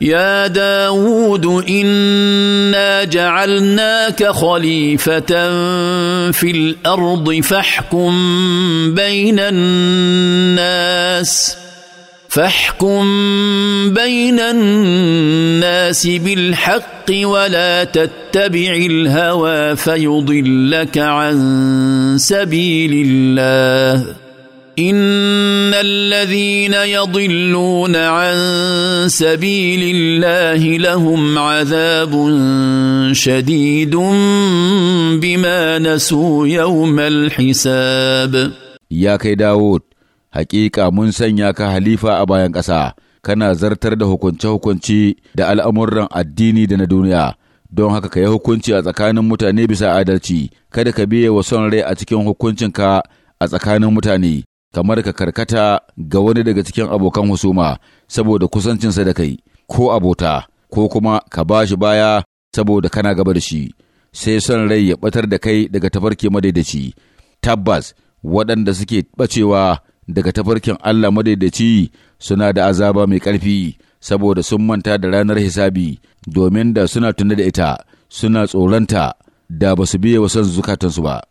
يا داود انا جعلناك خليفه في الارض فاحكم بين الناس فاحكم بين الناس بالحق ولا تتبع الهوى فيضلك عن سبيل الله إن ان الذين يضلون عن سبيل الله لهم عذاب شديد بما نسوا يوم الحساب يا كي داود حقيقه mun sanya ka halifa a bayan ƙasa kana zartar da hukunce hukunce da al'amuran addini da na duniya don haka ka yi hukunci a tsakanin mutane bisa adalci kada ka biya wa son rai a cikin hukuncinka a tsakanin mutane kamar ka karkata ga wani daga cikin abokan husuma saboda kusancinsa da kai ko abota ko kuma ka ba shi baya saboda kana gaba da shi sai son rai ya batar da kai daga tafarki madaidaci tabbas waɗanda suke bacewa daga tafarkin Allah madaidaci suna da azaba mai ƙarfi saboda sun manta da ranar hisabi domin da suna tuna da ita suna tsoronta da ba su biye wa son zukatansu ba.